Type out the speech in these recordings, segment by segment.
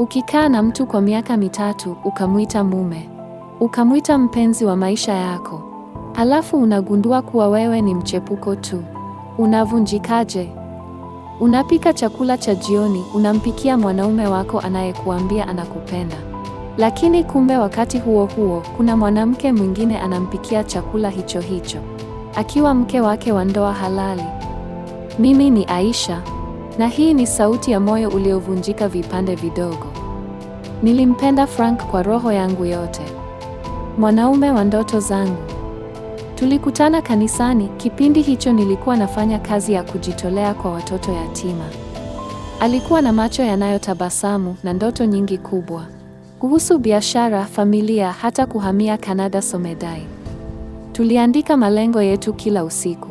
Ukikaa na mtu kwa miaka mitatu ukamwita mume, ukamwita mpenzi wa maisha yako, halafu unagundua kuwa wewe ni mchepuko tu, unavunjikaje? Unapika chakula cha jioni, unampikia mwanaume wako anayekuambia anakupenda, lakini kumbe wakati huo huo kuna mwanamke mwingine anampikia chakula hicho hicho, akiwa mke wake wa ndoa halali. Mimi ni Aisha na hii ni sauti ya moyo uliovunjika vipande vidogo. Nilimpenda Frank kwa roho yangu yote, mwanaume wa ndoto zangu. Tulikutana kanisani. Kipindi hicho nilikuwa nafanya kazi ya kujitolea kwa watoto yatima. Alikuwa na macho yanayotabasamu na ndoto nyingi kubwa kuhusu biashara, familia, hata kuhamia Kanada Somedai. Tuliandika malengo yetu kila usiku.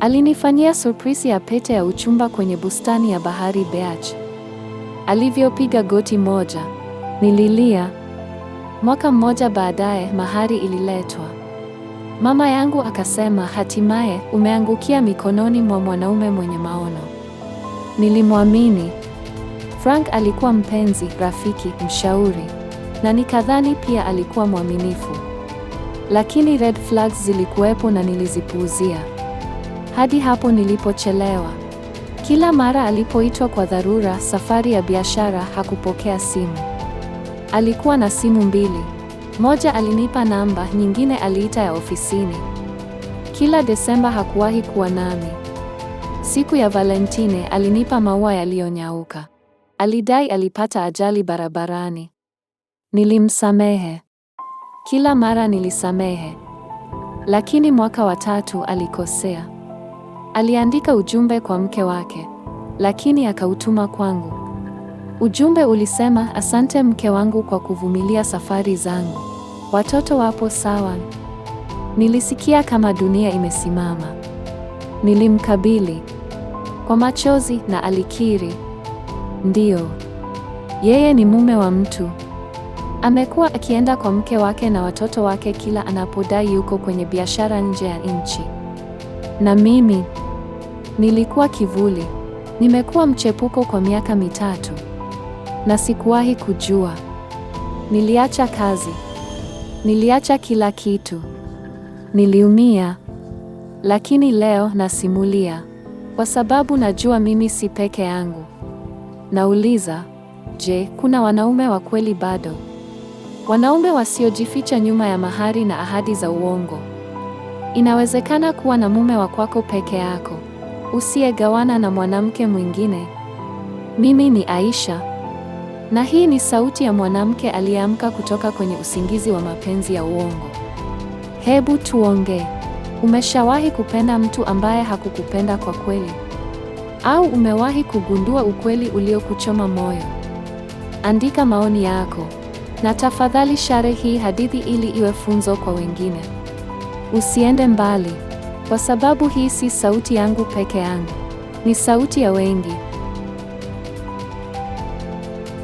Alinifanyia surprise ya pete ya uchumba kwenye bustani ya bahari Beach. Alivyopiga goti moja, nililia. Mwaka mmoja baadaye, mahari ililetwa. Mama yangu akasema, hatimaye umeangukia mikononi mwa mwanaume mwenye maono. Nilimwamini. Frank alikuwa mpenzi, rafiki, mshauri, na nikadhani pia alikuwa mwaminifu, lakini red flags zilikuwepo na nilizipuuzia. Hadi hapo nilipochelewa. Kila mara alipoitwa kwa dharura, safari ya biashara, hakupokea simu. Alikuwa na simu mbili. Moja alinipa namba, nyingine aliita ya ofisini. Kila Desemba hakuwahi kuwa nami. Siku ya Valentine alinipa maua yaliyonyauka. Alidai alipata ajali barabarani. Nilimsamehe. Kila mara nilisamehe. Lakini mwaka wa tatu alikosea. Aliandika ujumbe kwa mke wake, lakini akautuma kwangu. Ujumbe ulisema, asante mke wangu kwa kuvumilia safari zangu, watoto wapo sawa. Nilisikia kama dunia imesimama. Nilimkabili kwa machozi na alikiri, ndiyo, yeye ni mume wa mtu. Amekuwa akienda kwa mke wake na watoto wake kila anapodai yuko kwenye biashara nje ya nchi. Na mimi Nilikuwa kivuli. Nimekuwa mchepuko kwa miaka mitatu na sikuwahi kujua. Niliacha kazi, niliacha kila kitu, niliumia, lakini leo nasimulia kwa sababu najua mimi si peke yangu. Nauliza, je, kuna wanaume wa kweli bado? Wanaume wasiojificha nyuma ya mahari na ahadi za uongo. Inawezekana kuwa na mume wa kwako peke yako usiyegawana na mwanamke mwingine. Mimi ni Aisha, na hii ni sauti ya mwanamke aliyeamka kutoka kwenye usingizi wa mapenzi ya uongo. Hebu tuongee. Umeshawahi kupenda mtu ambaye hakukupenda kwa kweli? Au umewahi kugundua ukweli uliokuchoma moyo? Andika maoni yako na tafadhali share hii hadithi ili iwe funzo kwa wengine. Usiende mbali kwa sababu hii si sauti yangu peke yangu, ni sauti ya wengi.